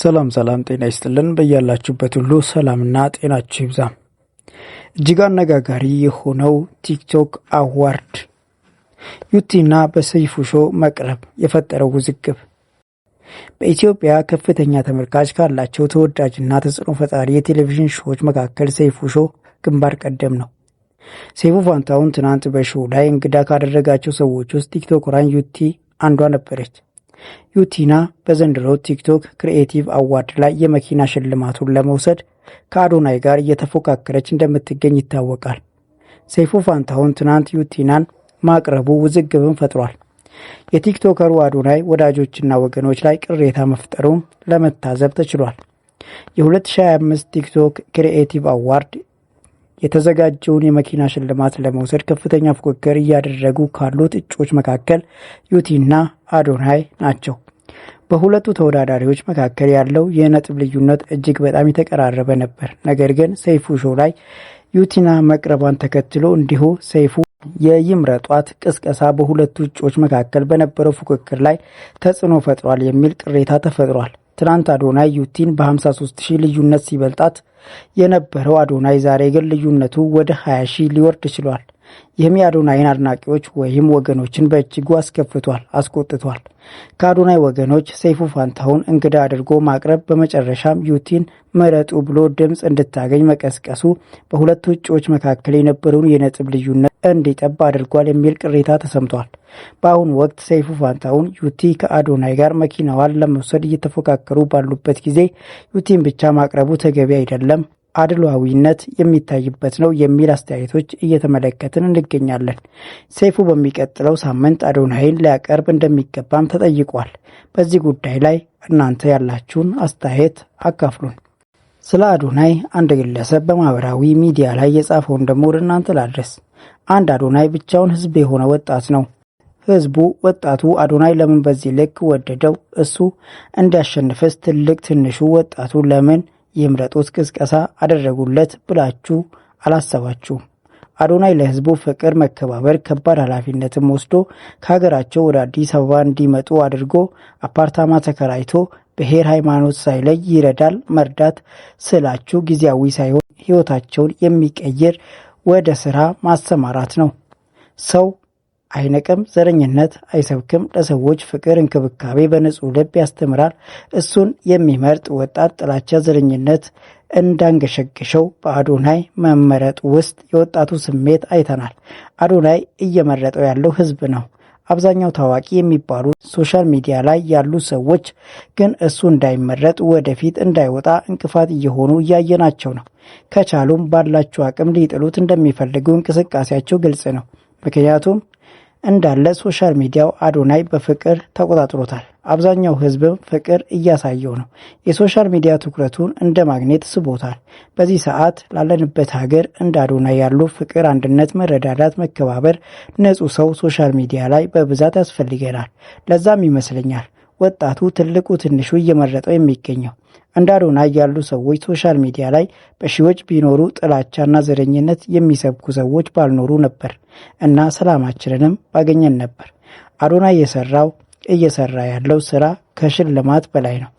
ሰላም ሰላም ጤና ይስጥልን። በያላችሁበት ሁሉ ሰላምና ጤናችሁ ይብዛ። እጅግ አነጋጋሪ የሆነው ቲክቶክ አዋርድ ዩቲና በሰይፉ ሾ መቅረብ የፈጠረው ውዝግብ በኢትዮጵያ ከፍተኛ ተመልካች ካላቸው ተወዳጅና ተጽዕኖ ፈጣሪ የቴሌቪዥን ሾዎች መካከል ሰይፉ ሾ ግንባር ቀደም ነው። ሰይፉ ፋንታውን ትናንት በሾው ላይ እንግዳ ካደረጋቸው ሰዎች ውስጥ ራን ዩቲ አንዷ ነበረች። ዩቲና በዘንድሮ ቲክቶክ ክሪኤቲቭ አዋርድ ላይ የመኪና ሽልማቱን ለመውሰድ ከአዶናይ ጋር እየተፎካከረች እንደምትገኝ ይታወቃል። ሰይፉ ፋንታሁን ትናንት ዩቲናን ማቅረቡ ውዝግብን ፈጥሯል። የቲክቶከሩ አዶናይ ወዳጆችና ወገኖች ላይ ቅሬታ መፍጠሩም ለመታዘብ ተችሏል። የ2025 ቲክቶክ ክሪኤቲቭ አዋርድ የተዘጋጀውን የመኪና ሽልማት ለመውሰድ ከፍተኛ ፉክክር እያደረጉ ካሉት እጩዎች መካከል ዩቲና አዶናይ ናቸው። በሁለቱ ተወዳዳሪዎች መካከል ያለው የነጥብ ልዩነት እጅግ በጣም የተቀራረበ ነበር። ነገር ግን ሰይፉ ሾው ላይ ዩቲና መቅረቧን ተከትሎ እንዲሁ ሰይፉ የይምረጧት ቅስቀሳ በሁለቱ እጩዎች መካከል በነበረው ፉክክር ላይ ተጽዕኖ ፈጥሯል የሚል ቅሬታ ተፈጥሯል። ትናንት አዶናይ ዩቲን በ53 ሺህ ልዩነት ሲበልጣት የነበረው አዶናይ ዛሬ ግን ልዩነቱ ወደ 20 ሺህ ሊወርድ ችሏል። ይህም የአዶናይን አድናቂዎች ወይም ወገኖችን በእጅጉ አስከፍቷል፣ አስቆጥቷል። ከአዶናይ ወገኖች ሰይፉ ፋንታሁን እንግዳ አድርጎ ማቅረብ በመጨረሻም ዩቲን መረጡ ብሎ ድምፅ እንድታገኝ መቀስቀሱ በሁለቱ እጩዎች መካከል የነበረውን የነጥብ ልዩነት እንዲጠብ አድርጓል የሚል ቅሬታ ተሰምቷል። በአሁኑ ወቅት ሰይፉ ፋንታሁን ዩቲ ከአዶናይ ጋር መኪናዋን ለመውሰድ እየተፎካከሩ ባሉበት ጊዜ ዩቲን ብቻ ማቅረቡ ተገቢ አይደለም አድሏዊነት የሚታይበት ነው የሚል አስተያየቶች እየተመለከትን እንገኛለን። ሰይፉ በሚቀጥለው ሳምንት አዶናይን ሊያቀርብ እንደሚገባም ተጠይቋል። በዚህ ጉዳይ ላይ እናንተ ያላችሁን አስተያየት አካፍሉን። ስለ አዶናይ አንድ ግለሰብ በማህበራዊ ሚዲያ ላይ የጻፈውን ደግሞ ወደ እናንተ ላድረስ። አንድ አዶናይ ብቻውን ህዝብ የሆነ ወጣት ነው። ህዝቡ ወጣቱ አዶናይ ለምን በዚህ ልክ ወደደው? እሱ እንዲያሸንፍስ ትልቅ ትንሹ ወጣቱ ለምን ይምረጡት ቅስቀሳ አደረጉለት ብላችሁ አላሰባችሁ። አዶናይ ለህዝቡ ፍቅር፣ መከባበር፣ ከባድ ኃላፊነትም ወስዶ ከሀገራቸው ወደ አዲስ አበባ እንዲመጡ አድርጎ አፓርታማ ተከራይቶ ብሔር፣ ሃይማኖት ሳይለይ ይረዳል። መርዳት ስላችሁ ጊዜያዊ ሳይሆን ህይወታቸውን የሚቀይር ወደ ስራ ማሰማራት ነው ሰው አይነቅም፣ ዘረኝነት አይሰብክም፣ ለሰዎች ፍቅር፣ እንክብካቤ በንጹህ ልብ ያስተምራል። እሱን የሚመርጥ ወጣት ጥላቻ፣ ዘረኝነት እንዳንገሸግሸው በአዶናይ መመረጥ ውስጥ የወጣቱ ስሜት አይተናል። አዶናይ እየመረጠው ያለው ህዝብ ነው። አብዛኛው ታዋቂ የሚባሉ ሶሻል ሚዲያ ላይ ያሉ ሰዎች ግን እሱ እንዳይመረጥ ወደፊት እንዳይወጣ እንቅፋት እየሆኑ እያየናቸው ነው። ከቻሉም ባላቸው አቅም ሊጥሉት እንደሚፈልጉ እንቅስቃሴያቸው ግልጽ ነው። ምክንያቱም እንዳለ ሶሻል ሚዲያው አዶናይ በፍቅር ተቆጣጥሮታል። አብዛኛው ህዝብም ፍቅር እያሳየው ነው። የሶሻል ሚዲያ ትኩረቱን እንደ ማግኔት ስቦታል። በዚህ ሰዓት ላለንበት ሀገር እንደ አዶናይ ያሉ ፍቅር፣ አንድነት፣ መረዳዳት፣ መከባበር፣ ንጹህ ሰው ሶሻል ሚዲያ ላይ በብዛት ያስፈልገናል። ለዛም ይመስለኛል ወጣቱ ትልቁ ትንሹ እየመረጠው የሚገኘው። እንደ አዶናይ ያሉ ሰዎች ሶሻል ሚዲያ ላይ በሺዎች ቢኖሩ ጥላቻና ዘረኝነት የሚሰብኩ ሰዎች ባልኖሩ ነበር እና ሰላማችንንም ባገኘን ነበር። አዶናይ እየሰራው እየሰራ ያለው ስራ ከሽልማት በላይ ነው።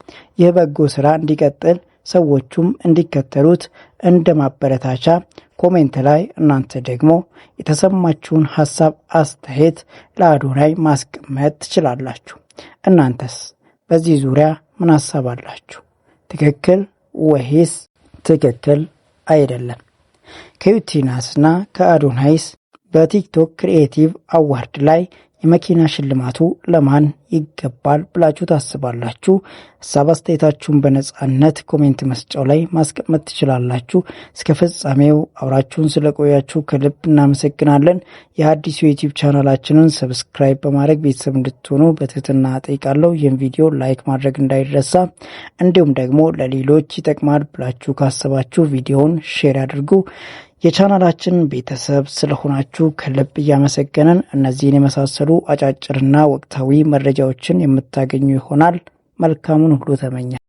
ይህ በጎ ስራ እንዲቀጥል ሰዎቹም እንዲከተሉት እንደ ማበረታቻ ኮሜንት ላይ እናንተ ደግሞ የተሰማችሁን ሀሳብ አስተያየት ለአዶናይ ማስቀመጥ ትችላላችሁ። እናንተስ በዚህ ዙሪያ ምን ሀሳብ አላችሁ? ትክክል ወይስ ትክክል አይደለም? ከዩቲናስና ከአዶናይስ በቲክቶክ ክሪኤቲቭ አዋርድ ላይ የመኪና ሽልማቱ ለማን ይገባል ብላችሁ ታስባላችሁ? ሀሳብ አስተያየታችሁን በነጻነት ኮሜንት መስጫው ላይ ማስቀመጥ ትችላላችሁ። እስከ ፍጻሜው አብራችሁን ስለቆያችሁ ከልብ እናመሰግናለን። የአዲሱ ዩቲዩብ ቻናላችንን ሰብስክራይብ በማድረግ ቤተሰብ እንድትሆኑ በትህትና ጠይቃለሁ። ይህን ቪዲዮ ላይክ ማድረግ እንዳይረሳ፣ እንዲሁም ደግሞ ለሌሎች ይጠቅማል ብላችሁ ካሰባችሁ ቪዲዮውን ሼር አድርጉ። የቻናላችን ቤተሰብ ስለሆናችሁ ከልብ እያመሰገንን እነዚህን የመሳሰሉ አጫጭርና ወቅታዊ መረጃዎችን የምታገኙ ይሆናል። መልካሙን ሁሉ ተመኛል።